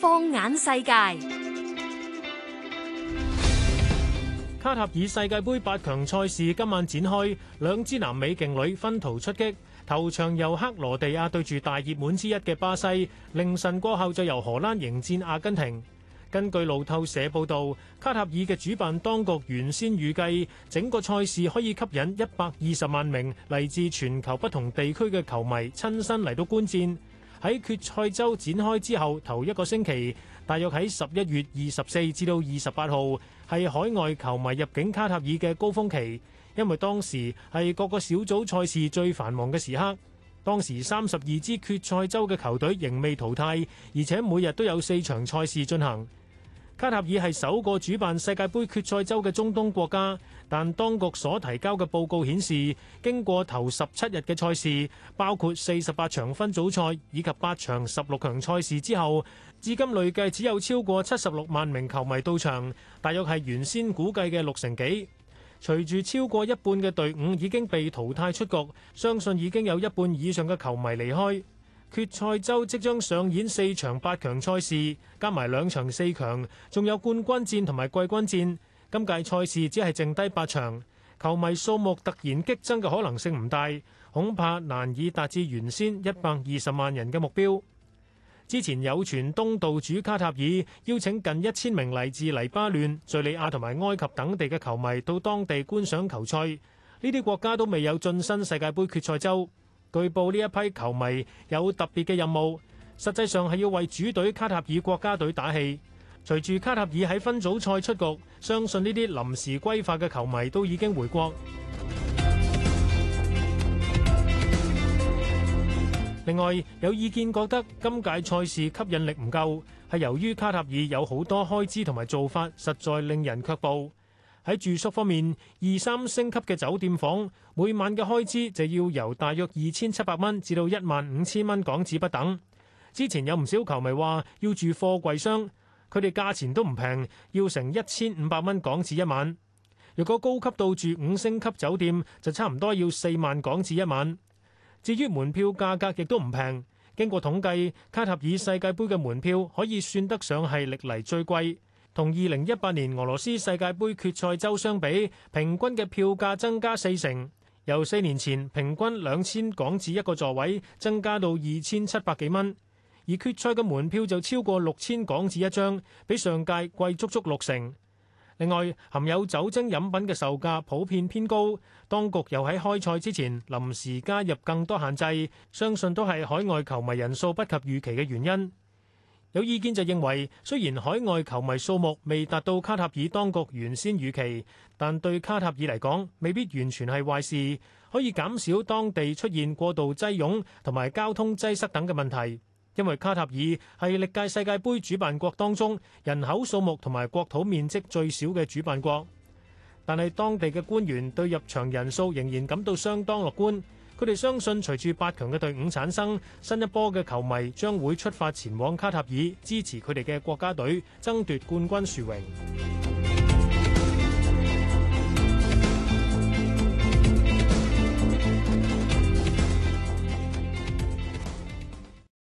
放眼世界，卡塔爾世界杯八強賽事今晚展開，兩支南美勁旅分途出擊。頭場由克羅地亞對住大熱門之一嘅巴西，凌晨過後再由荷蘭迎戰阿根廷。根據路透社報道，卡塔爾嘅主辦當局原先預計整個賽事可以吸引一百二十萬名嚟自全球不同地區嘅球迷親身嚟到觀戰。喺決賽周展開之後，頭一個星期，大約喺十一月二十四至到二十八號，係海外球迷入境卡塔爾嘅高峰期，因為當時係各個小組賽事最繁忙嘅時刻。當時三十二支決賽周嘅球隊仍未淘汰，而且每日都有四場賽事進行。卡塔爾係首個主辦世界盃決賽周嘅中東國家，但當局所提交嘅報告顯示，經過頭十七日嘅賽事，包括四十八場分組賽以及八場十六強賽事之後，至今累計只有超過七十六萬名球迷到場，大約係原先估計嘅六成幾。隨住超過一半嘅隊伍已經被淘汰出局，相信已經有一半以上嘅球迷離開。決賽周即將上演四場八強賽事，加埋兩場四強，仲有冠軍戰同埋季軍戰。今屆賽事只係剩低八場，球迷數目突然激增嘅可能性唔大，恐怕難以達至原先一百二十萬人嘅目標。之前有傳東道主卡塔爾邀請近一千名嚟自黎巴嫩、敘利亞同埋埃及等地嘅球迷到當地觀賞球賽，呢啲國家都未有晉身世界杯決賽周。據報，呢一批球迷有特別嘅任務，實際上係要為主隊卡塔爾國家隊打氣。隨住卡塔爾喺分組賽出局，相信呢啲臨時歸化嘅球迷都已經回國。另外，有意見覺得今屆賽事吸引力唔夠，係由於卡塔爾有好多開支同埋做法，實在令人卻步。喺住宿方面，二三星級嘅酒店房每晚嘅開支就要由大約二千七百蚊至到一萬五千蚊港紙不等。之前有唔少球迷話要住貨櫃箱，佢哋價錢都唔平，要成一千五百蚊港紙一晚。如果高級到住五星級酒店，就差唔多要四萬港紙一晚。至於門票價格亦都唔平，經過統計，卡塔爾世界盃嘅門票可以算得上係歷嚟最貴。同二零一八年俄羅斯世界盃決賽周相比，平均嘅票價增加四成，由四年前平均兩千港紙一個座位，增加到二千七百幾蚊。而決賽嘅門票就超過六千港紙一張，比上屆貴足足六成。另外，含有酒精飲品嘅售價普遍偏高，當局又喺開賽之前臨時加入更多限制，相信都係海外球迷人數不及預期嘅原因。有意見就認為，雖然海外球迷數目未達到卡塔爾當局原先預期，但對卡塔爾嚟講未必完全係壞事，可以減少當地出現過度擠擁同埋交通擠塞等嘅問題。因為卡塔爾係歷屆世界盃主辦國當中人口數目同埋國土面積最少嘅主辦國，但係當地嘅官員對入場人數仍然感到相當樂觀。佢哋相信，隨住八強嘅隊伍產生，新一波嘅球迷將會出發前往卡塔爾，支持佢哋嘅國家隊，爭奪冠軍殊榮。